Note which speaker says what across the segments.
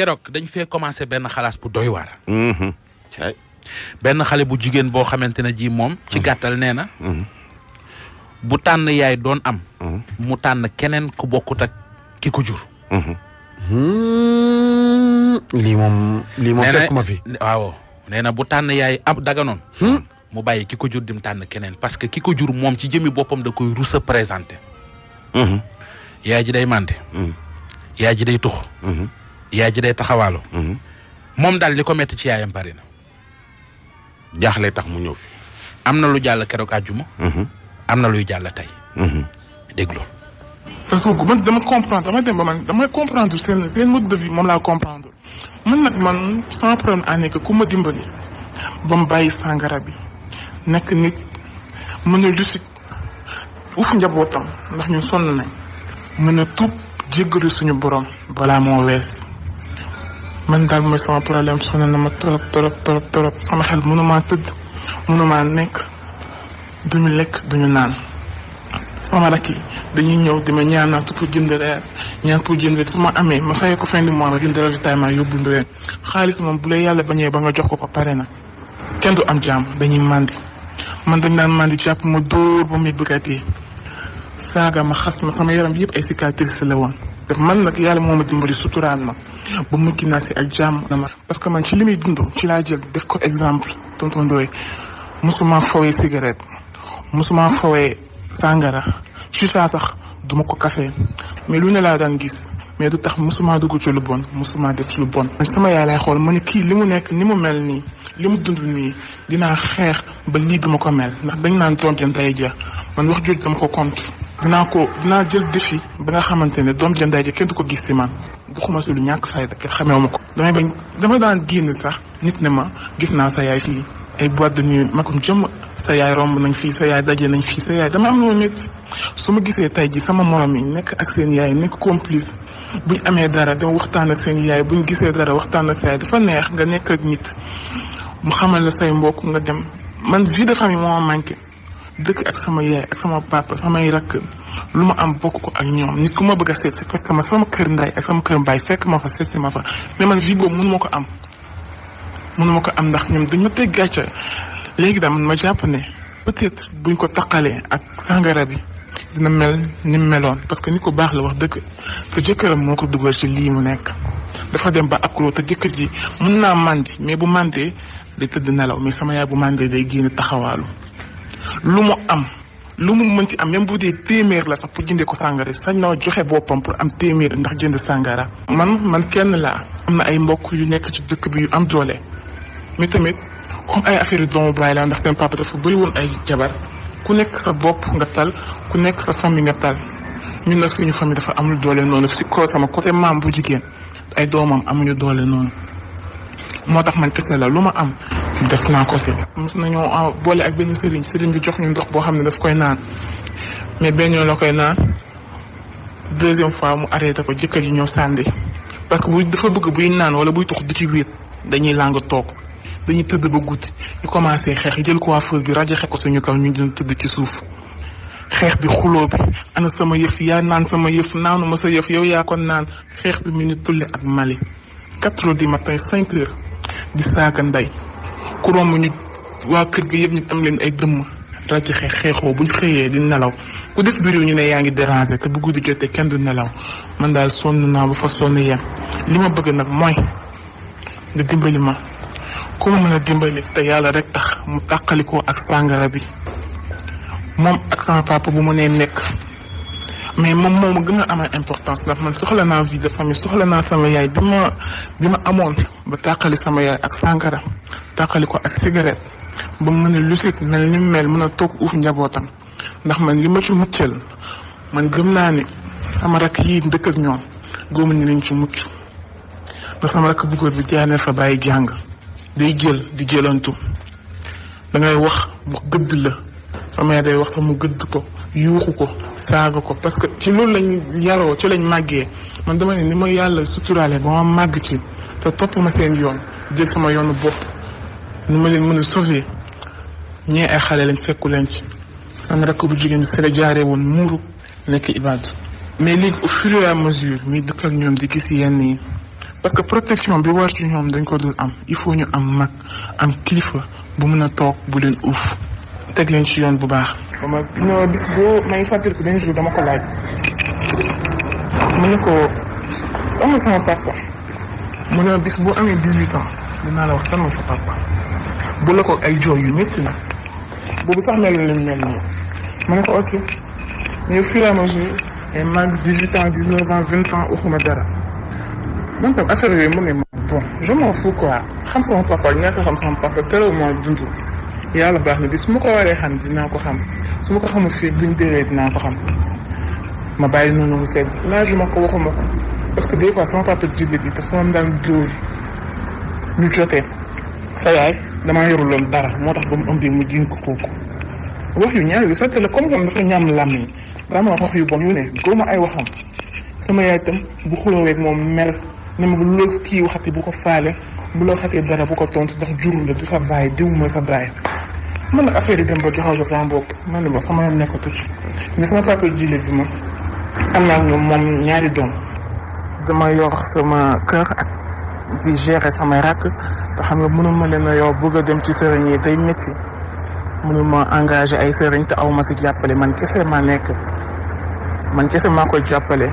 Speaker 1: keroog dañ fee commencé benn xalaas bu doy waar. Mm-hmm. benn xale bu jigéen boo xamante ne ji moom. ci mm-hmm. gàttal nee na. Mm-hmm. bu tànn yaay doon am. mu tànn keneen ku bokkut ak ki ko jur.
Speaker 2: Hmm. lii moom lii moom fekk ma fi.
Speaker 1: waaw nee na bu tànn yaay am daganoon. Hmm. mu bàyyi ki ko jur mu tànn keneen parce que ki ko jur moom ci jëmi boppam da koy rus présenté. yaay ji day màndi. yaay ji day tux. yaay ji day taxawaalu. Mhm. moom daal di ko metti ci yaayam bari na. jaaxle tax mu ñëw fi. am na lu jàll keroog àjjuma. Mhm. am na luy jàll tey.
Speaker 3: dégloo. parce que man dama comprendre dama dem ba man damay comprendre seen seen mode de vie moom laa comprendre man nag man sans problème à nekk ku ma dimbali ba mu bàyyi sàngara bi nekk nit mën a lucide uuf njabootam ndax ñu sonn nañ mën a tuub jéggalu suñu borom balaa moo wees. man daal mooy sama problème sonal na ma trop trop trop trop sama xel mënumaa tëdd mënumaa nekk duñu lekk duñu naan sama rakk yi dañuy ñëw di ma ñaanaat pour jënd reer ñaan pour jënd su ma amee ma fayee ko fin du mois ma jënd ravitaillement yóbbu ndu xaalis moom bu la yàlla bañee ba nga jox ko ko pare na kenn du am jàmm dañuy màndi man dañ daan màndi jàpp ma dóor ba muy bëggat yi saaga ma xas ma sama yaram yëpp ay cicatrices la woon te man nag yàlla moo ma dimbali suturaan ma ba mu si ak jàmm na ma parce que man ci li muy dund ci laa jël def ko exemple tonton Ndoye musuma fowee cigarette musuma fowee sàngara chicha sax duma ko café mais lu ne laa daan gis mais du tax musuma dugg ci lu bon musuma def ci lu bon sama yaay lay xool ma ne kii li mu nekk ni mu mel nii li mu dund nii dinaa xeex ba lii duma ko mel ndax dañ naan trompien tay jeex man wax jooju dama ko compte dinaa ko dinaa jël défi ba nga xamante ne doom ji nday ji kenn du ko gis si man waxuma si lu ñàkk fayda kenn xamewuma ko damay bañ damay daan génn sax nit ne ma gis naa sa yaay fii ay boîte de nuit makum jëm sa yaay romb nañ fii sa yaay dajee nañ fii sa yaay dama am loolu nit su ma gisee tey ji sama morom yi nekk ak seen yaay nekk complice buñ amee dara dama waxtaan ak seen yaay buñ gisee dara waxtaan ak sa yaay dafa neex nga nekk ak nit mu xamal la say mbokk nga dem man vie de famille moo manqué dëkk ak sama yaay ak sama papa samay rakk lu ma am bokk ko ak ñoom nit ku ma bëgg a seet si fekk ma sama kër ndaay ak sama kër mbaay fekk ma fa seet si ma fa mais man vie boobu mënu ma ko am mënu ma ko am ndax ñoom dañ ma teg gàcce léegi daal man ma jàpp ne peut-être buñ ko taqalee ak sàngara bi dina mel ni mu meloon parce que ni ko baax la wax dëgg te jëkkëram moo ko dugal ci lii mu nekk dafa dem ba ab kuloo te jëkkër ji mën naa màndi mais bu màndee day tëdd nelaw mais sama yaay bu màndee day génn taxawaalu lu mu am lu mu mënti am même bu dee téeméer la sax pour jëndee ko sàngara sañ naa joxe boppam pour am téeméer ndax jënd sàngara man man kenn laa am na ay mbokk yu nekk ci dëkk bi yu am joole mi tamit comme ay affaire yu doomu baay la ndax seen papa dafa bëri ay jabar ku nekk sa bopp nga tal ku nekk sa famille nga tal ñun nag suñu fami dafa amul doole noonu si ko sama côté maam bu jigéen ay doomam amuñu doole noonu moo tax man kese la lu ma am def naa ko si mos nañoo ah, boole ak benn sëriñ sëriñ bi jox ñu ndox boo xam ne daf koy naan mais benn yoon la koy naan deuxième fois mu arrêté ko jëkkër yi ñëw sànni parce que bu dafa bëgg buy naan wala buy tux du ci wéet dañuy làng toog dañuy tëdd ba guddi ñu commencé xeex jël coiffeuse bi rajo xeex ko suñu kaw ñu dina tëdd ci suuf xeex bi xuloo bi ana sama yëf yaa naan sama yëf naanu ma sa yëf yow yaa ko naan xeex bi mu ni tulli ak Mali quatre heures cinq heures di saaka ndey ku romb ñu waa kër gi yëpp ñu tam leen ay dëmm rajo xeex xeexoo buñ xëyee di nelaw ku def biir ñu ne yaa ngi déranger te bu guddi jotee kenn du nelaw man daal sonn naa ba fa sonn yem li ma bëgg nag mooy nga dimbali ma ku ma mën a dimbali te yàlla rek tax mu tàqalikoo ak sàngara bi moom ak sama papa bu mu nee nekk. mais moom moo ma gën a amal importance ndax man soxla naa vie de famille soxla naa sama yaay bi ma bi ma amoon ba tàqali sama yaay ak sàngara tàqali ko ak cigarette ba mu mën a lucide mel ni mel mën a toog uuf njabootam ndax man li ma ci muccal man gëm naa ni sama rakk yi ndëkk ak ñoom góomu ni nañ ci mucc ndax sama rakk bu góor bi jaanee fa bàyyi jàng day jël di jëlantu da ngay wax mu gëdd la sama yaay day wax sax mu gëdd ko. yuuxu ko saaga ko parce que ci loolu lañ yaroo ci lañ màggee man dama ne ni ma yàlla suturaale ba ma màgg ci te topp ma seen yoon jël sama yoonu bopp nu ma leen mën a sauver ñee ay xale lañ fekku leen ci sama rakk bu jigéen bi si jaaree woon muuru nekk ibaadu mais léegi au fur et à mesure muy dëkk ak ñoom di gis yenn yi parce que protection bi war ci ñoom dañ ko dul am il faut ñu am mag am kilifa bu mën a toog bu leen uuf teg leen ci yoon bu baax sama non bis boo may fàttali ko benn jour dama ko laaj mu ne ko amul sama papa mu ne bis boo amee dix-huit ans naa la wax kan mooy papa bu la ko ay jooy yu métti na boobu sax mel la mel nii mu ne ko ok mais au fur et à mesure ay mag dix-huit ans dix-neuf ans vingt ans waxuma dara man tam affaire yooyu mu ne ma bon je m'en fous quoi xam sama papa ñàkk xam sama papa terewuma dund yàlla baax na bis mu ko waree xam dinaa ko xam su ma ko xamul si buñ déwee dinaa ko xam ma bàyyi noonu mu sedd laaju ma ko waxuma ko parce que des fois sama papa julli bi dafa am daan dóor ñu jotee sa yaay yoru yoruloon dara moo tax ba mu ëmbee mu jiñ ko kooku wax yu ñaaw yu sette la comme comme dafa ñaam làmmiñ dama wax wax yu bon yu ne ma ay waxam sama yaay tam bu xulooweeg moom mer ne ma bu loo kii waxati bu ko faale bu loo xatee dara bu ko tontu ndax jurul la du sa baay diw mooy sa baay man nag affaire yi dem ba joxal ko sama bopp man la sama yoon nekkatu ci mais sama papa jile bi ma am naa ñoom moom ñaari doom dama yor sama kër ak di gérer samay rakk te xam nga mënuma leen a yor bëgg a dem ci sëriñ yi day métti mënuma engage ay sëriñ te aw ma si jàppale man kese maa nekk man kese maa koy jàppale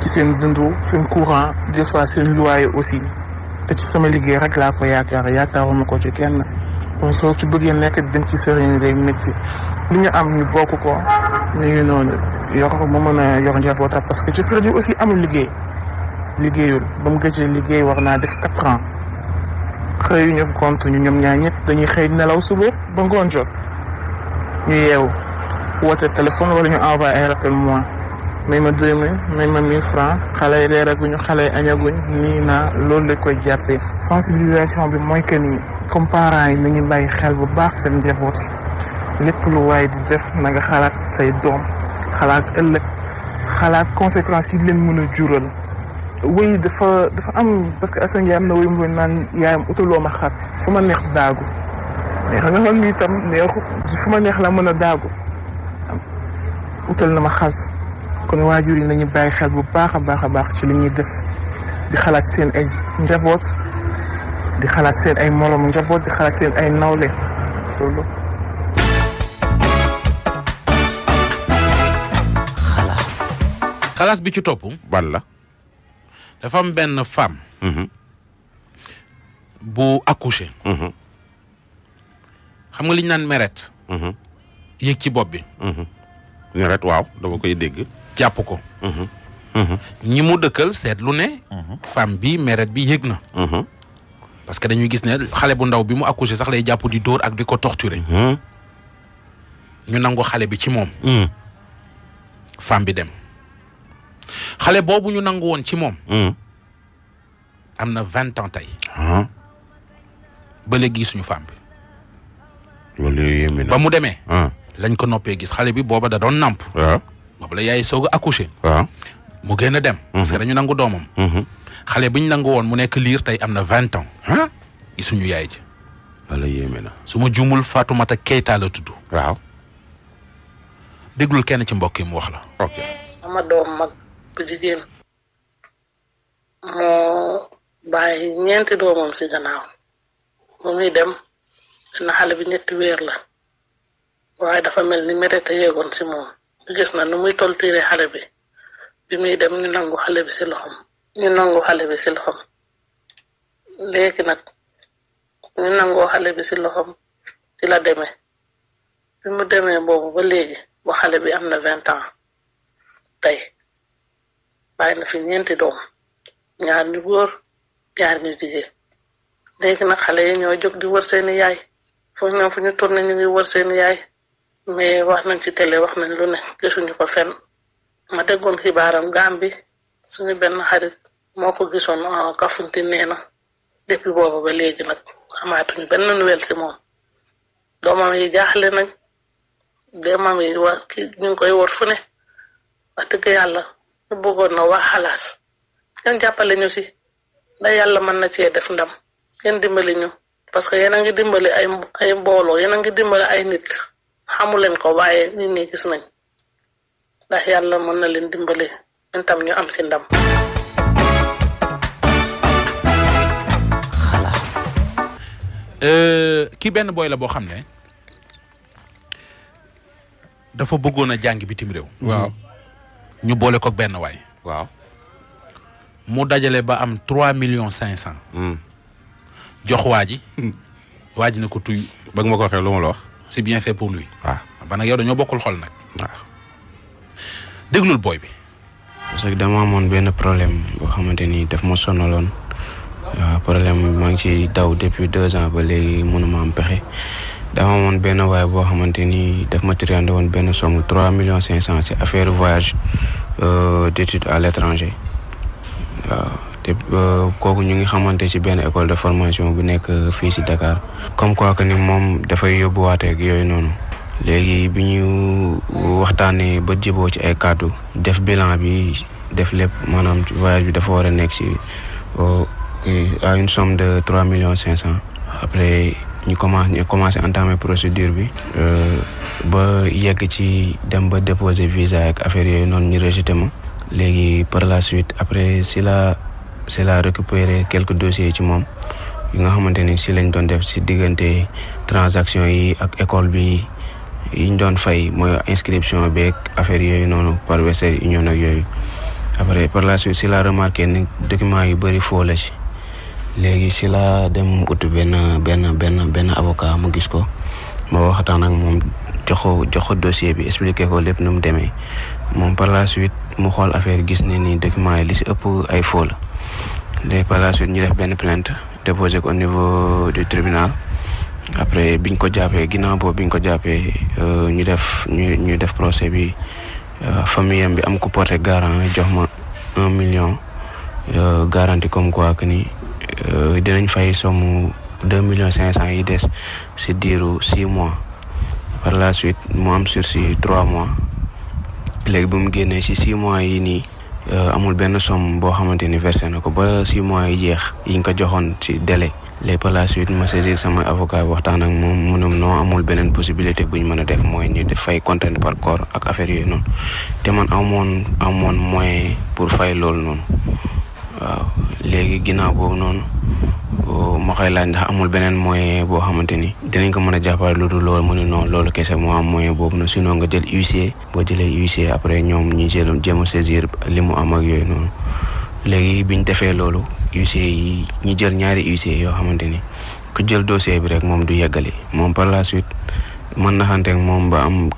Speaker 3: ci seen dundu seen courant des fois seen luwaay aussi te ci sama liggéey rek laa ko yaakaar yaakaaruma ko ci kenn. kon soo ci bëggee nekk dem ci sëriñ day métti lu ñu am ñu bokk ko ñu ngi noonu mën a yor njabootam parce que ci kër aussi amul liggéey liggéeyul ba mu gëj liggéey wax naa def quatre ans xëy ñu compte ñu ñoom ñaar ñëpp dañuy xëy nelaw suba ba ngoon jot ñu yeewu woote téléphone wala ñu envoyé ay rappel moi may ma deux mille may ma mille francs xale yi reeraguñu xale yi añaguñ nii naa loolu la koy jàppee sensibilisation bi mooy que comme parents yi nañu bàyyi xel bu baax seen njaboot lépp lu waay di def nanga xalaat say doom xalaat ëllëg xalaat conséquences yi leen mën a jural wéy dafa dafa am parce que Assane Ndiaye am na woy mu naan yaayam utaloo ma xar fu ma neex daagu mais xam nga tam neexu fu ma neex la mën a daagu utal na ma xas kon waajur yi nañu bàyyi xel bu baax a baax a baax ci li ñuy def di xalaat seen ay njaboot. di xalaat seen ay moromu njaboot di xalaat seen ay nawle
Speaker 1: xalaas. xalaas bi ci topp. ban la. dafa am benn femme. Mm-hmm. bu accouché. Mm-hmm. xam nga li naan meret. Mm-hmm. yëg ci bopp bi. meret waaw dama koy dégg. jàpp ko. ñi mu dëkkal seetlu ne. femme bi meret bi yëg na. parce que dañuy gis ne xale bu ndaw bi mu accouché sax lay jàpp di dóor ak di ko torturer. Hmm. ñu nangu xale bi ci moom. Hmm. femme bi dem. xale boobu ñu nangu woon ci moom. Hmm. am na vingt ans tey. ba léegi gisuñu femme bi. loolu ba mu demee. lañ ko noppee gis xale bi booba da doon nàmp. waaw boobu la yaay soog a accouché. mu gën a dem. Mhm. parce que dañu nangu doomam. Mhm. xale bu ñu nangu woon mu nekk liir tey am na vingt ans. suñu yaay ji. wala yéeme jumul su ma juumul Fatoumata Keita la tudd. waaw. kenn ci mbokk yi mu wax la. ok
Speaker 4: sama doom mag bu jigéen moo bàyyi ñeenti doomam si gannaaw mu muy dem na xale bi ñetti weer la waaye dafa mel ni mérite yeegoon si moom gis na nu muy toltiire xale bi. bi muy dem ñu nangu xale bi loxom ñu nangu xale bi si nag ñu nangoo xale bi si loxom ci la demee bi mu demee boobu ba léegi ba xale bi am na vingt ans tey bàyyi na fi ñeenti doom ñaar ñu góor ñaar ñu jigéen léegi nag xale yi ñoo jóg di wër seeni yaay foofu ñoom fu ñu tourné ñu ngi wër seeni yaay mais wax nañ ci télé wax nañ lu ne gisuñu ko fenn ma déggoon xibaaram Gàmbi suñu benn xarit moo ko gisoon ah, Kafountine nee na depuis boobu ba léegi nag amaatuñ benn nouvelle si moom doomam yi jaaxle nañ doomam yi wa ngi koy wor fu ne wax dëgg yàlla ñu bëggoon na wax xalaas ngeen jàppale ñu si ndax yàlla mën na cee def ndam ngeen dimbali ñu parce que yéen a ngi dimbali ay ay mbooloo yéen ngi dimbali ay nit xamu leen ko waaye nit ñi gis nañ ndax yàlla mën na leen dimbali ñun tam ñu am si ndam
Speaker 1: xalaas euh, ki benn boy la boo xam ne dafa bëggoon a jàng bitim réew waaw ñu boole ko benn waay waaw mu dajale ba am trois millions cinq cent hmm. jox waaji hmm. waaji na ko tuy bëgg ma ko waxee lu ma la wax c'est bien fait pour lui waaw ah. ba nag yow dañoo bokkul xol nag waaw ah. déglul booy bi.
Speaker 5: parce que dama amoon benn problème boo xamante ni daf ma sonaloon waaw problème bi maa ngi ci daw depuis deux ans ba léegi mënuma am pexe dama amoon benn waay boo xamante ni daf ma triandé woon benn somme trois millions cinq cent si affaire voyage euh, d'études à l'étranger waaw. Euh, kooku ñu ngi xamante ci benn école de formation bu nekk fii ci Dakar comme quoi que ni moom dafay yóbbuwaatee ak yooyu noonu léegi bi ñu waxtaanee ba jiboo ci ay kàddu def bilan bi def lépp maanaam voyage bi dafa war a nekk si euh, à une somme de trois millions cinq cent après ñu commencé ñu commencé procédure bi euh, ba yegg ci dem ba déposer visa ak affaire yooyu noonu ñu rejeté ma léegi par la suite après si la si la récupéré quelques dossiers ci moom yi nga xamante ni si lañ doon def si diggante transaction yi ak école bi yiñ doon fay mooy inscription beeg affaire yooyu noonu par Western Union ak yooyu après par la suite si la remarqué ni document yu bëri foo la léegi si la dem ut benn benn benn benn avocat mu gis ko ma waxtaan ak moom jox ko jox dossier bi expliquer ko lépp nu mu demee moom par la suite mu xool affaire gis ne ni document yi li si ëpp ay faux la par la suite ñu def benn plainte déposé ko au niveau du tribunal. après biñ ko jàppee ginnaaw boobu biñ ko jàppee euh, ñu def ñu ñu def procès bi euh, famille am bi am ku porté garant jox ma un million euh, garanti comme quoi que ni dinañ fay somme deux million cinq cent yi des si diiru six mois par la suite mu am sursis trois mois léegi bu mu génnee si six mois yi nii amul benn somme boo xamante ni versé na ko ba six mois yi jeex yiñ ko joxoon ci délai léegi par la suite ma saisir sama avocat waxtaan moom mu ne noo amul beneen possibilité bu ñu mën a def mooy ñu fay contrainte par corps ak affaire yooyu noonu te man amoon amoon moyen pour fay loolu noonu waaw léegi ginnaaw boobu noonu oh, ma koy laaj ndax amul beneen moyen boo xamante ni dinañ ko mën a jàppale lu dul loolu mu ne non loolu kese moo am moyen boobu si no nga jël huissier boo jëlee huissier après ñoom ñu jéem jéem a saisir li mu am ak yooyu noonu. léegi biñ défé lolu UCE huissier yi ñu jël ñaari UCE yo xamanteni ku jël dossier bi rek mom du yeggali mom par la suite man na xanté ak mom ba am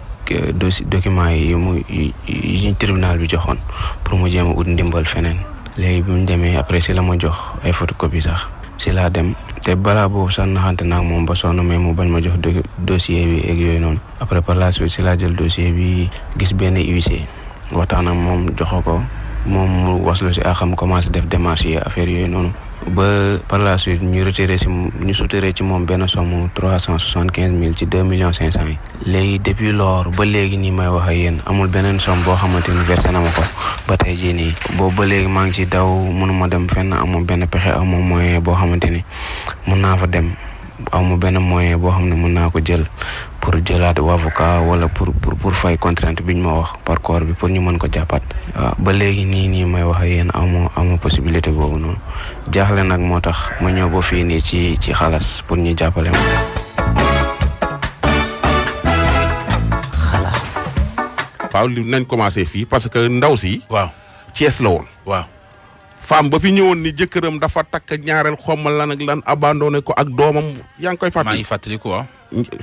Speaker 5: dossier document yi mu yi tribunal bi joxone pour mu jëm ut ndimbal fenen léegi bi démé après si la mo jox ay photocopie sax si la dem té bala bo sax xanté nak mom ba sonu mais mu bañ ma jox dossier bi ak yoy non après par la suite si la jël dossier bi gis ben UCE waxtaan ak moom joxo moom mu waslu si axam commencé def démarche yi affaire yooyu noonu ba par la suite ñu retiré si ñu soutiré ci moom benn somme trois cent soixante quinze mille ci deux millions cinq cent yi léegi depuis lors ba léegi nii may wax ak yéen amul beneen somme boo xamante ni versé na ma ko ba tey jii nii boobu ba léegi maa ngi ci daw mënuma dem fenn amul benn pexe amul moyen boo xamante ni mën naa fa dem awma benn moyen boo xam ne mën naa ko jël pour wala pour pour pour fay contrainte biñ ma wax par corps bi pour ñu mën ko jàppaat waaw ba léegi nii nii may wax yéen amoo amoo possibilité boobu noonu jaaxle nag moo ma ñëw ba ci ci xalas pour ñu ma
Speaker 1: nañ commencé parce que ndaw si waaw Thiès la woon waaw femme ba fi ñëwoon ni jëkkëram dafa takk ñaareel xommal lan ak lan abandonné ko ak doomam yaa ngi koy fàttali maa ngi fàttaliku waaw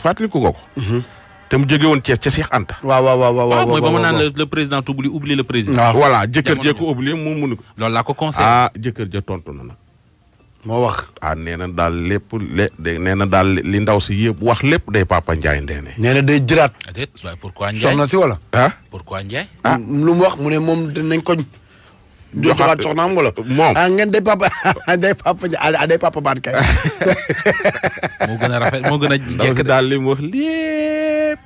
Speaker 1: fàttaliku ko ko mhm. te mu jóge woon Thiès ca Cheikh Anta waaw waaw waaw waaw ah, mooy ba mu naan le président t'oublie oublie le président ah. Ah, voilà jëkkër jee ko oublie mu munu ko loolu laa ko jëkkër ja tontu na nag moo wax a nee na daal lépp le nee na daal li ndaw si yëpp wax lépp day Papa
Speaker 2: Ndiaye ndeene nee day jëraat
Speaker 1: déet waaye pourquoi Ndiaye soxna si wala ah pourquoi Ndiaye
Speaker 2: ah lu mu wax mu ne moom dinañ koñ
Speaker 1: du joxaat soxnaam
Speaker 2: wala. moom ah ngeen day papa day papa ah, papa baat kay.
Speaker 1: moo gën a rafet moo gën a jekk daal mu wax
Speaker 6: lépp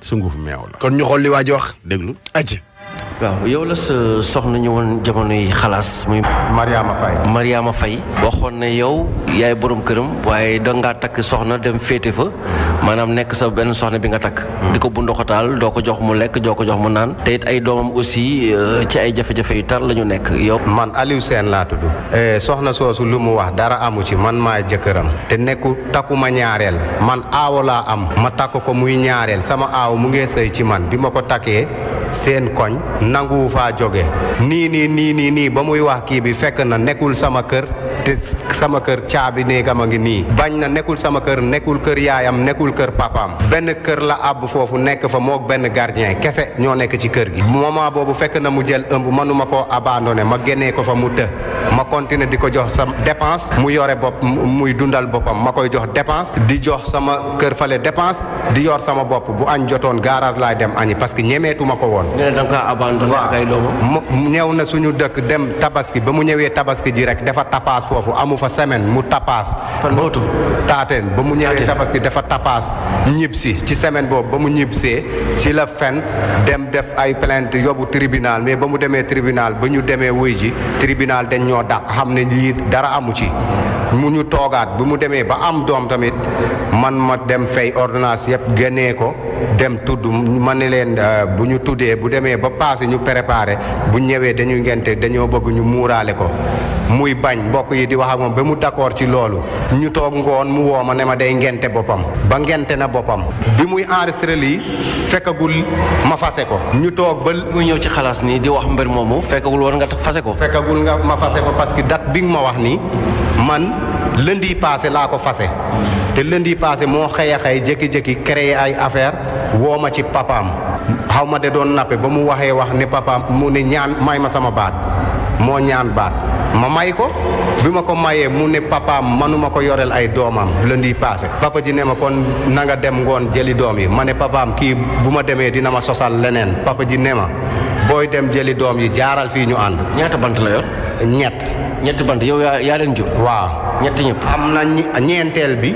Speaker 6: sunguf meew la. kon ñu xool li waa ji wax déglu aji waaw yow la sa soxna ñu woon jamonoy xalaas muy. Mariama Faye. Mariama Faye
Speaker 2: waxoon ne yow yaay borom këram waaye dangaa takk soxna dem féete fa maanaam nekk sa benn soxna bi nga takk. Hmm. di ko bu ndoxataal doo ko jox mu lekk doo ko jox mu naan te ay doomam
Speaker 6: aussi euh, ci ay jafe-jafe yu tar la ñu nekk yow. man Aliou seen laa tudd. Eh, soxna soosu lu mu wax dara amu ci man maay jëkkëram te nekku takku ma ñaareel man aawo laa am ma takk ko muy ñaareel sama aaw mu ngi ci man bi ma ko takkee. seen koñ nanguwu faa jóge nii nii nii nii nii ba muy wax kii bi fekk na nekkul sama kër sama kër caabi néegam a ngi nii bañ na nekkul sama kër nekkul kër yaayam nekkul kër papaam benn kër la àbb foofu nekk fa mook benn gardien kese ñoo nekk ci kër gi moment boobu fekk na mu jël ëmb ko koo abandonné ma génnee ko fa mu të ma continuer di ko jox sama dépense mu yore bopp muy dundal boppam ma koy jox dépense di jox sama kër fale dépense di yor sama bopp bu añ jotoon garage laay dem añi parce que ñemeetuma ko woon abandonné. nee na da nga mu ñëw na suñu dëkk dem tabaski ba mu ñëwee tabaski ji rek dafa tapaas foofu amu fa semaine mu tapaas. fan boobu taateen ba mu ñëwee tabaski dafa tapaas ñib si ci semaine boobu ba mu ñibbisee ci la fen dem def ay plainte yóbbu tribunal mais ba mu demee tribunal ba ñu demee wuy ji tribunal dañ ñoo dàq xam ne lii dara amu ci. mu ñu toogaat bi mu demee ba am doom tamit man ma dem fay ordonnance yëpp génnee ko dem tudd ma ne leen euh, bu ñu tuddee bu demee ba passé ñu préparer bu ñëwee dañuy ngente dañoo bëgg ñu muuraale ko muy bañ mbokk yi di wax ak moom ba mu d'accord ci loolu ñu toog ngoon mu woo ma ne ma day ngente boppam ba ngente na boppam bi muy enregistré lii fekkagul ma fase ko ñu toog ba muy ñëw ci xalaas nii di wax mbir moomu fekkagul war nga fase ko fekkagul nga ma fase ko parce que date bi nga ma wax nii man lundi passé laa ko fase te lundi passé moo xëy a xëy jékki-jékki créer ay affaire woo ma ci papaam xawma ma de doon nappe ba mu waxee wax ni papaam mu ne ñaan may ma sama baat moo ñaan baat ma may ko bi ma ko mayee mu ne papaam manuma ko yoreel ay doomam lundi passé papa ji ne ma kon nanga dem ngoon jëli doom yi ma ne papaam kii bu ma demee dina ma sosal leneen papa ji ne ma booy dem jëli doom yi jaaral fii ñu ànd. ñaata bant la yor. ñett. ñetti bant yow yaa yaa leen jur. waaw ñetti ñëpp. am na ñeenteel bi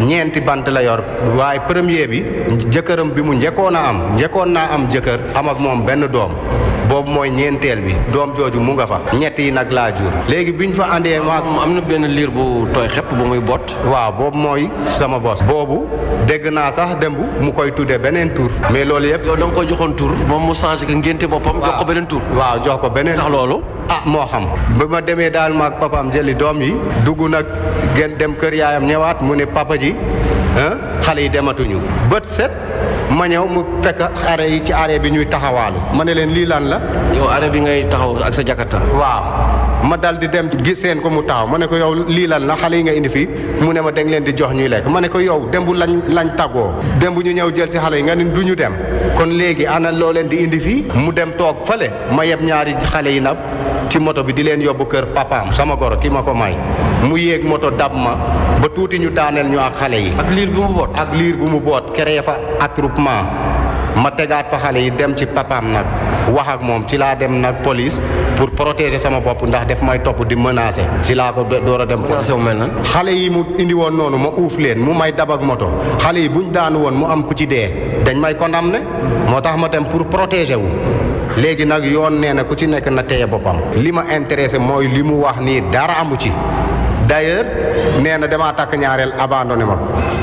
Speaker 6: ñeenti bant la yor waaye premier bi jëkkëram bi mu njëkkoon a am njëkkoon naa am jëkkër am ak moom benn doom. boobu mooy ñeenteel bi doom jooju mu nga fa ñett yi nag laa jur léegi biñ fa andee maak am na benn liir bu tooy xepp bu muy bot waaw boobu mooy sama bos boobu dégg naa sax démb mu koy tudde beneen tur mais loolu yëpp yow da nga ko joxoon tur moom mu changé ko ngénte boppam jox ko beneen tur waaw jox ko beneen ndax loolu ah moo xam ba ma demee daal maak papaam jëli doom yi dugg nag gën dem kër yaayam ñëwaat mu ne papa ji xale yi dematuñu bët set ma ñëw mu fekk arrêt yi ci arrêt bi ñuy taxawaalu ma ne leen lii lan la. yow arrêt bi ngay taxaw ak sa jakarta waaw ma dal di dem gis seen ko mu taxaw ma ne ko yow lii lan la xale yi nga indi fii mu ne ma danga leen di jox ñuy lekk ma ne ko yow dem bu lañ lañ tagoo dem bu ñu ñëw jël si xale yi nga ni duñu dem kon léegi ana loo leen di indi fii mu dem toog fële ma yeb ñaari xale yi nag ci moto bi di leen yóbbu kër papaam sama goro kii ma ko may mu yéeg moto dab ma ba tuuti ñu daaneel ñu ak xale yi. ak liir bu mu boot ak liir bu mu boot créé fa attroupement ma tegaat fa xale yi dem ci papaam nag wax ak moom ci laa dem nag police pour protéger sama bopp ndax def may topp di menacer ci laa ko door a dem. police xale yi mu indi woon noonu ma uuf leen mu may dab ak moto xale yi buñ daanu woon mu am ku ci dee dañ may condamné hmm. moo tax ma dem pour protéger wu. léegi nag yoon nee na ku ci nekk na téye boppam Lima ma intéressé mooy li mu wax nii dara amu ci d' nee na damaa takk ñaareel abandonné ma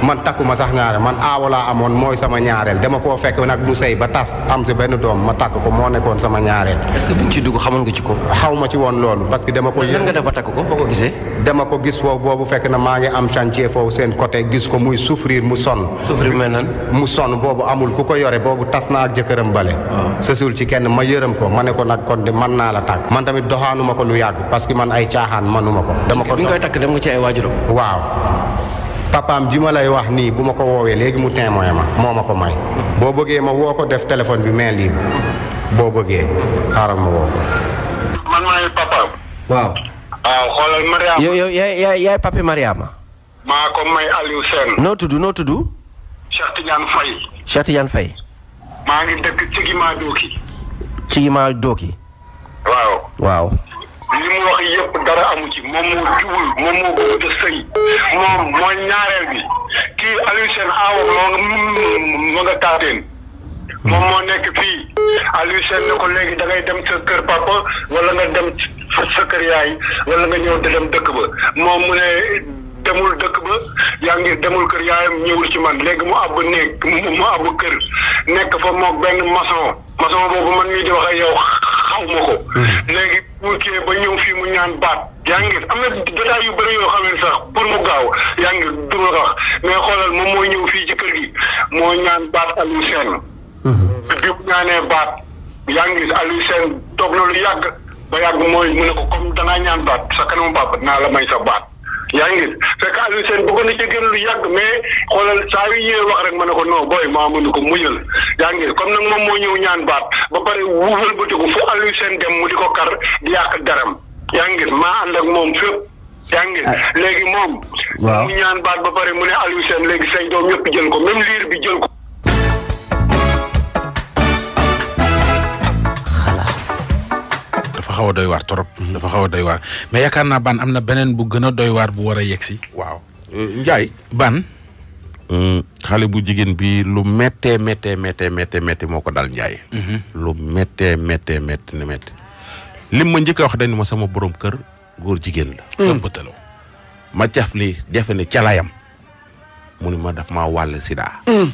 Speaker 6: man takkuma sax ñaareel man aawo laa amoon mooy sama ñaareel dama koo fekk nag mu sëy ba tas am si benn doom ma takk ko moo nekkoon sama ñaareel. est que ci dugg xamoon nga ci ko. xaw ma ci loolu parce que dama ko. lan nga def
Speaker 7: ba takk ko boo ko gisee.
Speaker 6: dama ko gis foofu boobu fekk na maa ngi am chantier foofu seen côté gis ko muy souffrir mu sonn. souffrir mel nan mu sonn boobu amul ku ko yore boobu tas naa ak jëkkëram bale. Ah. sësul ci kenn ma yërëm ko ma nekkoon ko nag kon de mën naa la takk man tamit doxaanuma ko lu yàgg parce que man ay caaxaan manuma ko. dama ko juróom. waaw papaam ji ma lay wax nii bu ma ko woowee léegi mu témoin ma moo ma ko may. boo bëggee ma woo ko def téléphone bi main libre boo bëggee xaaral ma woo ko.
Speaker 2: man maay papaam. waaw. waaw ah,
Speaker 6: xoolal yaay yaay papi maa
Speaker 2: ko may Aliou Sène.
Speaker 6: noo tudd noo tudd.
Speaker 2: Cheikh Tidiane Faye.
Speaker 6: Cheikh Tidiane Faye.
Speaker 2: maa ngi dëkk Cigima Doki.
Speaker 6: Cigima Doki. waaw. waaw. li mu wax yëpp dara amu ci moom
Speaker 2: moo jubul moom moo bëgg a sëy moom mooy ñaareel bi kii Aliou Sène aawa moo mm, nga taateen moom moo nekk fii Aliou Sène ne ko léegi da ngay dem sa kër papa wala nga dem sa kër yaay wala nga ñëw da dem dëkk ba moom mu ne demul dëkk ba yaa ngir demul kër yaayam ñëwul ci man léegi mu àbb néeg mu àbb kër nekk fa moog benn maçon maçon boobu man mii di wax ak yow xaw ma ko hmm. léegi tuukee ba ñëw fii mu ñaan baat yaa ngi am na détails yu bëri yoo xam ne sax pour mu gaaw yaa ngi du ma wax mais xoolal moom moo ñëw fii ci gi moo ñaan baat Aliou Sène mhm. bi mu ñaanee baat yaa ngi Aliou Sène toog na lu yàgg ba yàgg mooy mu ne ko comme dangaa ñaan baat sa kanamu baat naa la may sa baat yaa ngi fekk Aliou Sène bëggoon na ci lu yàgg mais xoolal saa yu ñëwee wax rek ma ne ko non booy maa mënu ko muñal yaa ngi comme nag moom moo ñëw ñaan baat ba pare wuufal bëtiku fu Aliou Sène dem mu di ko kar di yàq daram yaa ngi maa ànd ak moom fépp yaa ah. léegi moom. mu ñaan baat ba pare mu ne Aliou Sène léegi say doom ñëpp jël ko même liir
Speaker 4: bi jël ko.
Speaker 1: xaw a doy waar trop dafa xaw a doy waar mais yaakaar naa baan am na beneen bu gën a doy waar bu war a yegg si waaw euh, Ndiaye ban euh, xale bu jigéen bi lu méttee méttee méttee méttee méttee moo ko dal Ndiaye mhm. lu méttee méttee méttee ne méttee lim ma njëkk a wax dañ ma sama borom kër góor jigéen la mm. ëmbëtaloo ma caf li defe ne calayam mu ni ma daf maa wàll sida mm.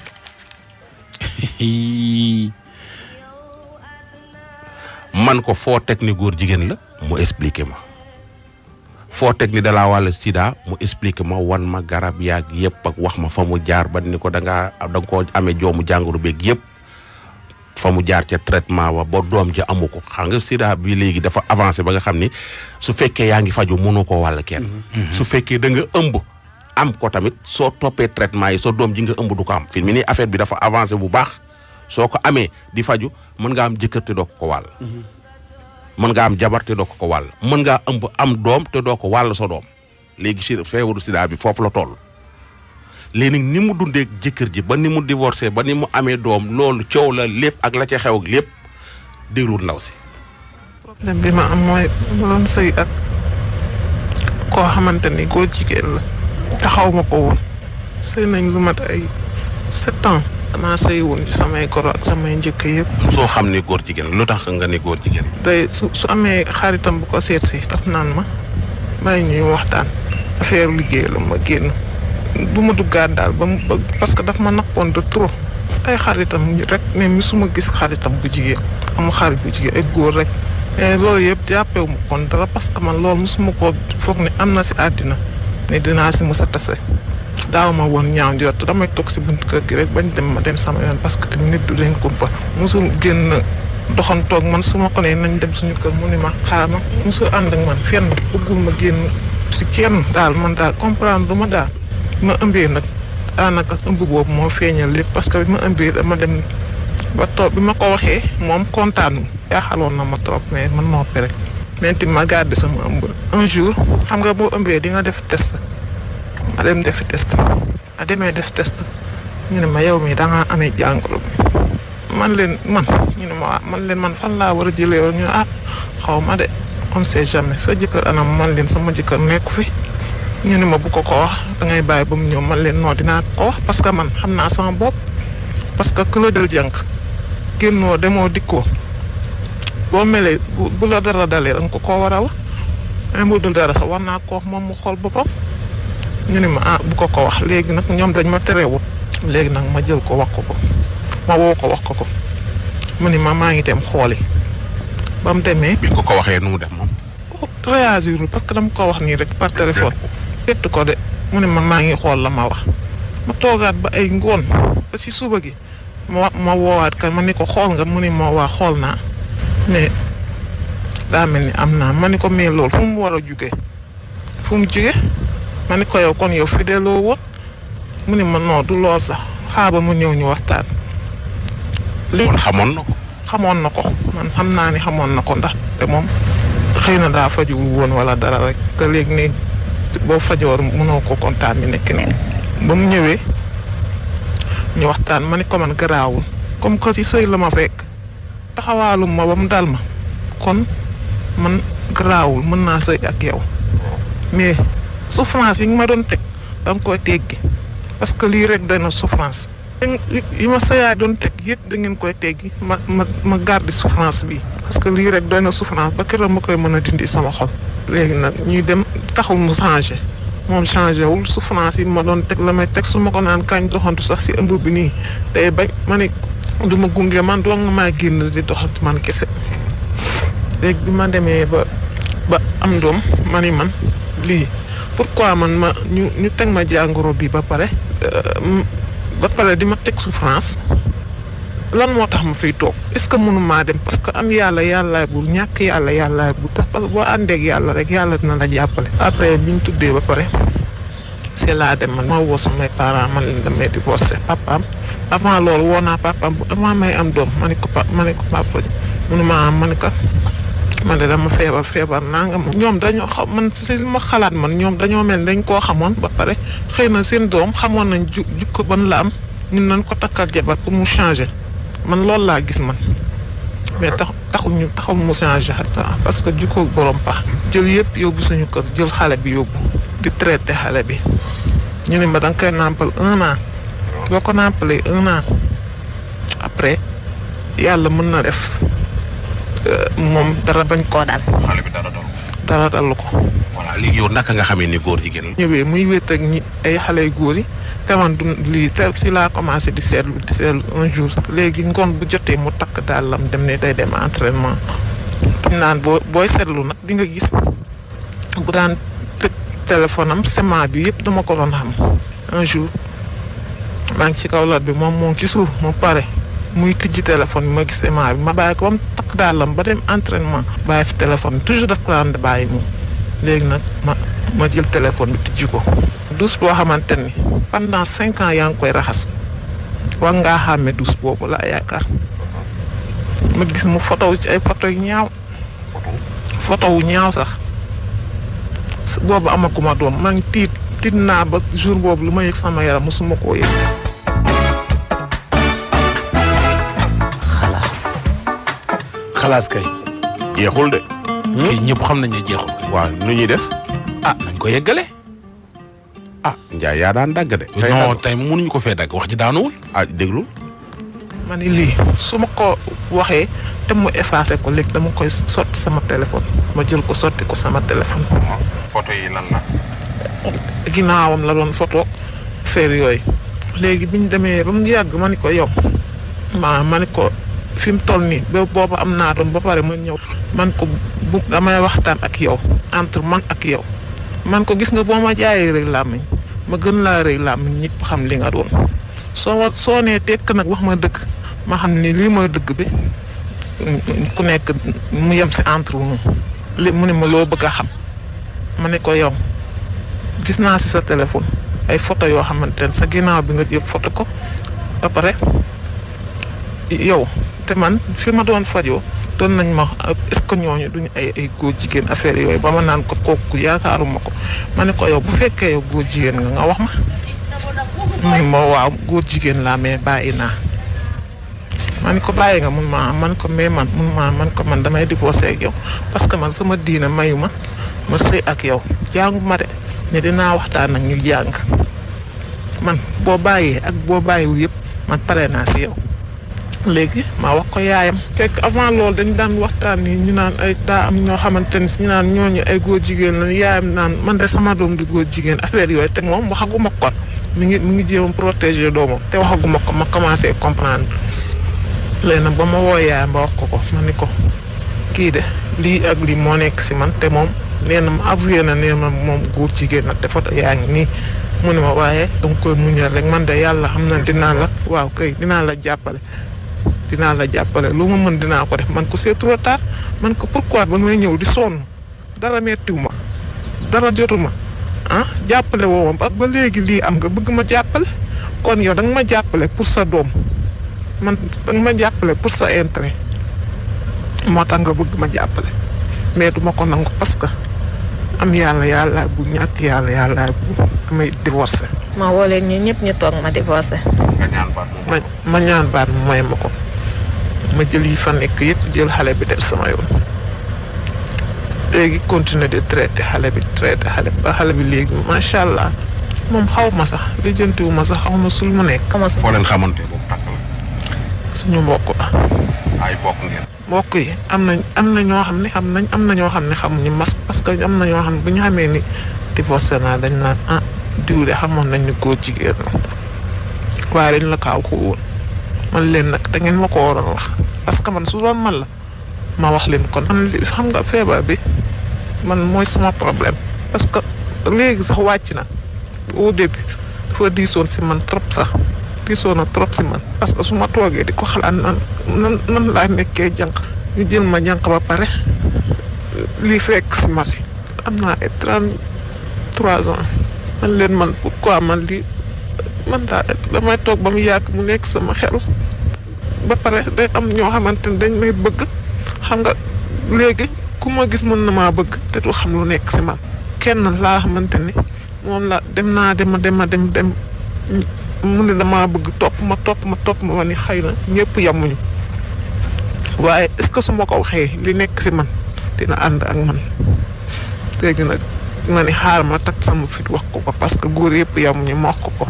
Speaker 1: man ko foo teg ni góor jigéen la mu expliqué ma foo teg ni dalaa walla sida mu expliqué ma wan ma garab yaag yëpp ak wax ma fa mu jaar ba ni ko da ngaa da amee joomu jàngoro beeg yëpp fa mu jaar ca traitement wa boo doom ji amu ko xam nga sida bi dafa avancé ba nga xam ni su fekkee yaa ngi faju munu ko wàll kenn mm-hmm. su fekkee da nga ëmb am ko tamit soo toppee traitement yi soo doom ji nga ëmb du ko am fi mu ne affaire bi dafa avancé bu baax soo ko amee di faju mën nga am jëkkër te doo ko ko wàll mhm. mën nga am jabar te doo ko ko wàll mën ngaa ëmb am doom te doo ko wàll sa doom léegi si feebaru sida bi foofu la toll léegi ni mu dundee jëkkër ji ba ni mu divorcé ba ni mu amee doom loolu coow la lépp ak la ca xew ak lépp dégluwul ndaw si
Speaker 7: problème bi ma am mooy ma doon sëy ak ko xamante ni góor la taxaw ma ko woon sëy nañ lu mat ay sept ans damaa sëy woon samay goro ak samay njëkk yëpp. soo xam ne góor jigéen lu tax nga ne góor jigéen. tey su su amee xaritam bu ko seet si daf naan ma bàyyi ñuy waxtaan affaire liggéey ma génn du ma duggaat daal ba mu parce que daf ma naqoon de trop. ay xaritam rek mais musuma gis xaritam bu jigéen am xarit bu jigéen ak góor rek. mais loolu yëpp jàppewu ma kon dara parce que man loolu suma koo foog ne am na si àddina ne dinaa si mos a tase. daaw ma woon ñaaw njort damay toog si buntu kër gi rek bañ dem ma dem sama yoon parce que tamit nit du leen kumpa mosul génn doxantoog man su ma ko nee nañ dem suñu kër mu ni ma xaaral ma mosul ànd ak man fenn bëggul ma génn si kenn daal man daal comprendre du ma daal ma ëmbee nag daanaka ëmb boobu moo feeñal lépp parce que bi ma ëmbee dama dem ba toog bi ma ko waxee moom kontaanul jaaxaloon na ma trop mais man noppi rek. maintenant ma garder sama ëmb un jour xam nga boo ëmbee di nga def test. a dem def test a demee def test ñu ne ma yow mi da ngaa amee jàngoro bi man leen man ñu ne ma man leen man fan laa war a jëlee yoon ñu ah xaw ma de on sait jamais sa jëkkër anam man leen sama jëkkër nekku fi ñu ne ma bu ko ko wax dangay ngay bàyyi ba mu ñëw man leen noo dinaa ko wax parce que man xam naa sama bopp parce que ku la jël jànq génnoo demoo dikkoo boo melee bu la dara dalee da nga ko koo war a wax. dara sax war naa ko moom mu xool boppam. ñu ne ma ah bu ko ko wax léegi nag ñoom dañ ma wut léegi nag ma jël ko wax ko ko ma woo ko wax ko ko mu ne ma maa ngi dem xooli ba mu demee. bi ko ko waxee nu mu def moom. réagir parce que dama ko wax nii rek par téléphone. ko de ne ma maa ngi xool la ma wax. ma toogaat ba ay ngoon ba si suba gi ma ma woowaat kan ma ni ko xool nga mu ne ma waa xool naa mais daa mel ni am naa ma ni ko mais loolu fu mu a jugee fu mu jugee ma ne ko yow kon yow fideloo woon mu ne ma non du lool sax xaaba mu ñëw ñu waxtaan. li xamoon na ko. xamoon na ko man xam naa ni xamoon na ko ndax te moom xëy na daa fajuwul woon wala dara rek léegi ne boo fajoor mënoo ko contaminé keneen. ba mu ñëwee ñu waxtaan ma ne ko man comme que si sëy la ma fekk taxawaalum ma ba mu dal ma kon man garaawul mën naa sëy ak yow mais. souffrance yi nga ma doon teg da nga koy teggi parce que lii rek doy na souffrance yi ma sayaay doon teg yëpp da ngeen koy teggi ma ma ma garde souffrance bi parce que lii rek doy na souffrance ba keroog ma koy mën a dindi sama xol léegi nag ñuy dem taxul mu changé moom changé wul souffrance yi ma doon teg la may teg su ma ko naan kañ doxantu sax si ëmb bi nii day bañ ma ne du ma gunge man doo nga maa génn di doxantu man kese léegi bi ma demee ba ba am doom ma man pourquoi man ma ñu ñu teg ma jàngoro bi ba pare euh, ba pare di ma teg souffrance lan moo tax ma fiy toog est ce que mënu maa dem parce que am yàlla yàllaay bu ñàkk yàlla yàllaay bu tax parce que boo àndeeg yàlla rek yàlla dina la jàppale après bi tuddee ba pare c'est là dem man ma woo samay parents man leen damay divorcé papaam avant loolu woo naa papa bu avant may am doom ma ne ko pa ma ne ko papa mënu maa am ma ne ko man de dama feebar feebar nangam ñoom dañoo xam man si ma xalaat man ñoom dañoo mel ni dañ koo xamoon ba pare xëy na seen doom xamoon nañ ju jukko ban la am ñun nañ ko takkal jabar pour mu changer man loolu laa gis man. mais tax taxuñu taxul mu changé xataa parce que jukkoog borom pax jël yëpp yóbbu suñu kër jël xale bi yóbbu traité xale bi ñu ne ma da nga koy nàmpal un an boo ko nàmpalee un an après yàlla mën na def. Euh, moom dara bañ koo dal. dara dalu ko. voilà léegi yow naka nga xamee ni góor jigéen la. ñëwee muy wéet ak ñi ay xale yu góor yi te man du lii te si laa commencé di seetlu di seetlu un jour léegi ngoon bu jotee mu takk dàllam dem ne day dem entraînement. dañ naan boo booy seetlu nag di nga gis bu daan tëj téléphone am sement bi yëpp dama ko doon xam un jour maa ngi ci kaw bi moom moo ngi ci suuf mu pare. muy tijj téléphone bi ma gis éma bi ma bàyyi ko ba mu takk dàllam ba dem entraînement bàyyi fi téléphone toujours daf ko daan bàyyi moom léegi nag ma ma jël téléphone bi ko. douche boo xamante ni pendant yaa ngi koy raxas war ngaa xàmme douche boobu laa yaakaar ma gis mu photo ci ay photo yu ñaaw. photo wu ñaaw sax boobu amaguma doom maa ngi tiit tiit naa ba jour boobu lu ma yëg sama yaram mosuma koo yëg.
Speaker 1: xalaas kay. jeexul de. Hmm? kii ñëpp xam nañ ne jeexul. waaw nu ñuy def. a ah, nañ ko yeggale. ah Ndiaye yaa daan dagg de. tey non tey mënuñu ko fee dagg wax ji daanu ah
Speaker 7: déglu. ma ni lii su ma ko waxee te mu effacé ko léegi dama koy sotti sama téléphone ma jël ko sotti ko sama téléphone. Ah,
Speaker 1: photo yi lan la.
Speaker 7: ginnaawam la doon photo feer yooyu. léegi bi ñu demee ba mu yàgg ma ni ko yow. ma ma ko. fi mu toll nii ba boobu am naa doom ba pare ma ñëw man ko bu damay waxtaan ak yow entre man ak yow man ko gis nga boo ma jaayee rek làmmiñ ma gën laa rëy làmmiñ ñëpp xam li nga doon soo wa soo nee tekk nag wax ma dëgg ma xam ni lii mooy dëgg bi ku nekk mu yem si entre nous li mu ne ma loo bëgg a xam ma ne ko yow gis naa si sa téléphone ay photo yoo xamante ne sa ginnaaw bi nga jël photo ko ba pare yow te man fi ma doon fajoo doon nañ ma est-ce que ñooñu duñu ay ay góor jigéen affaire yooyu ba ma naan ko kooku yaakaaruma ko ma ne ko yow bu fekkee góor jigéen nga nga wax ma. góor jigéen laa mais bàyyi naa. ma ne ko bàyyi nga mun ma man ko mais man mun maa man damay divorcé ak yow parce que man sama diina mayu ma ma sëy ak yow jàngu ma de ne dinaa waxtaan ak ñu jàng man boo bàyyee ak boo bàyyiwu yëpp man pare naa si yow. léegi maa wax ko yaayam fekk avant loolu dañu daan waxtaan ni ñu naan ay daa am ñoo xamante ni ñu naan ñooñu ay góor jigéen la yaayam naan man de sama doom di góor jigéen affaire yooyu te moom waxaguma ko mi ngi mi ngi jéem a protéger doomam te waxaguma ko ma commencé comprendre léegi nag ba ma woo yaayam ba wax ko ko ma ni ko kii de lii ak lii moo nekk si man te moom nee na ma avoué na nee na moom góor jigéen nag te fa yaa ngi nii mu ne ma waaye danga koy muñal rek man de yàlla xam na dinaa la waaw kay dinaa la jàppale dinaa la jàppale lu ma mën dinaa ko def man ko c'est trop man ko pourquoi ba may di son dara mettiw ma dara joruma, ah jàppale woo ma ba léegi lii am nga bëgg ma jàppale kon yow da ma jàppale pour sa doom man da ma jàppale pour sa intérêt moo nga bëgg ma jàppale mais duma ko nangu parce que am yàlla yàlla bu ñàkk yàlla yàlla bu amay divorcé.
Speaker 4: ma woo leen ñun ñëpp ñu toog ma divorcé. ma ñaan
Speaker 7: ma ñaan may ma ma jël yi fa nekk yëpp jël xale bi del sama yoon léegi continuer de traiter xale bi trait xale bi ba xale bi léegi macha allah moom xaw ma sax lijjantiwu ma sax xaw ma sul mu nekk. foo leen xamante boobu takk la. suñu mbokk ay bokk mbokk yi am nañ am na ñoo xam ne xam nañ am na ñoo xam ne xamuñu mas parce que am na ñoo xam ne bu ñu xamee ni divorcé naa dañ naan ah diw de xamoon nañ ni ko jigéen la waaye dañ la kaaw ko woon man leen nag da ngeen ma ko waroon wax. parce que man souvent man la ma wax leen kon xam nga feebar bi man mooy sama problème parce que léegi sax wàcc na au début dafa diisoon si man trop sax diisoon na trop si man parce que su ma toogee di ko xalaat nan nan nan laa nekkee jànq ñu jël ma jànq ba pare lii fekk si ma si am naa ay trente trois ans man leen man quoi man lii man daa damay toog ba mu yàgg mu nekk sama xel. ba pare day am ñoo xamante ne dañ may bëgg xam nga léegi ku ma gis mën na maa bëgg te du xam lu nekk si man kenn laa xamante ni la dem naa dem dem dem dem mu ne damaa bëgg topp ma topp ma topp ma ni xëy na ñëpp yamuñu waaye est ce que su ma ko waxee li nekk si man dina ànd ak man léegi nag ma ni xaar ma tak sama fit wax ko ko parce que góor yëpp ma ko ko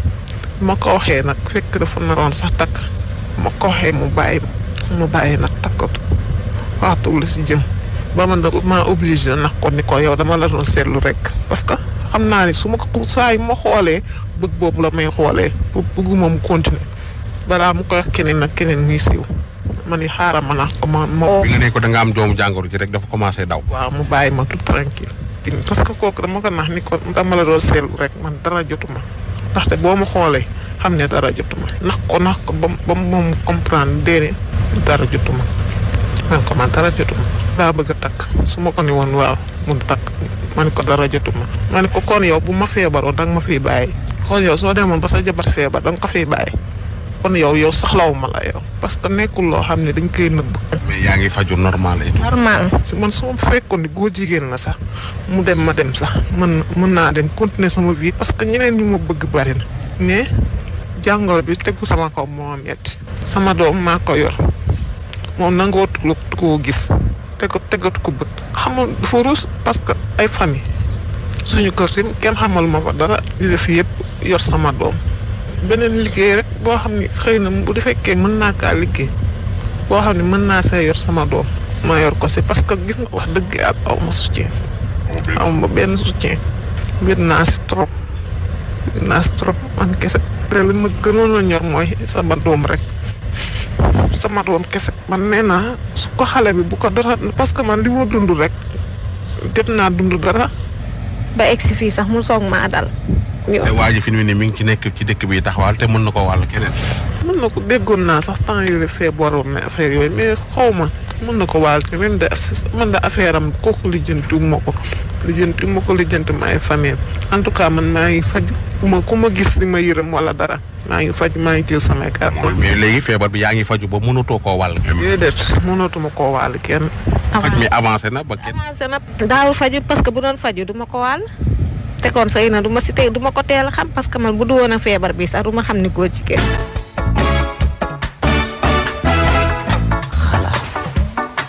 Speaker 7: ma ko fekk dafa sax ma koxee mu bàyyi mu bàyyi nag takkatu waxtu la si jëm ba man nag maa obligé nag ko ni ko yow dama la seetlu rek parce que xam naa ne su ma ko saa yi ma xoolee bëgg boobu la may xoolee pour bëgguma mu continuer balaa mu koy keneen nag keneen muy siiw ma ni xaaral ma naan ko ma ma. ko da am doomu jàngoro ji rek dafa commencé daw. waaw mu bàyyi ma tout tranquille parce que kooku dama ko nax ni ko dama la doon seetlu rek man dara jotuma ndaxte boo ma xoolee. xam ne dara jotuma nax ko nax ko ba moom comprendre dee dara jotuma man ko man dara jotuma daa bëgg takk su ma ko ni woon waaw mu takk man ko dara jotuma man ko kon yow bu ma feebaroo dang ma fiy bàyyi kon yow soo demoon ba sa jabar feebar dang ko fiy bàyyi kon yow yow soxlaw ma la yow parce que nekkul loo xam ne dañ koy nëbb
Speaker 1: mais yaa ngi faju normal yi
Speaker 7: normal si man soo fekkoon ni góor jigéen la sax mu dem ma dem sax mën mën naa dem continuer sama vie parce que ñeneen ñu ma bëgg bari na mais jangor bi tegu sama kaw moo yet sama dom ma ko yor moom nangoot koo gis tegu tegat ko bët xamul dafa ruus parce que ay famille suñu xamal ma dara di def yëpp yor sama dom. beneen liggéey rek boo xam ne xëy na bu fekkee mën naa kaa liggéey mën yor sama dom. ma yor ko si parce que gis nga wax dëgg yàlla aw ma soutien aw ma benn soutien wér trop trop man kese te li ma gënoon a ñor mooy sama doom rek sama doom kese man nee naa su ko xale bi bu ko dara parce que man li ma dund rek jot naa dund dara. ba egg si fii sax mu soog maa dal. ñu te
Speaker 1: ji fi mu ne mi ngi ci nekk ci dëkk bi taxawal te mën na ko wàll keneen.
Speaker 7: mën na ko déggoon naa sax temps yii la fee yooyu mais xaw ma. mën na ko waal keneen de mën na affaire am kooku lijjanti ma ko lijjanti ma ko lijjanti ma ay famille en tout cas man maa ngi faj ku ma ku ma gis li ma yërëm wala dara maa ngi faj maa ngi jël samay carte.
Speaker 1: mais léegi feebar bi yaa ngi faju ba mënatoo koo wàll.
Speaker 7: déedéet mënatuma koo wàll kenn. faj mi
Speaker 1: avancé na ba kenn.
Speaker 4: avancé na daawul faju parce que bu doon faju du ma ko wàll. te kon sëy na du ma si tey du ma ko teel a xam parce que man bu du woon a feebar bi sax du ma xam ni góor jigéen.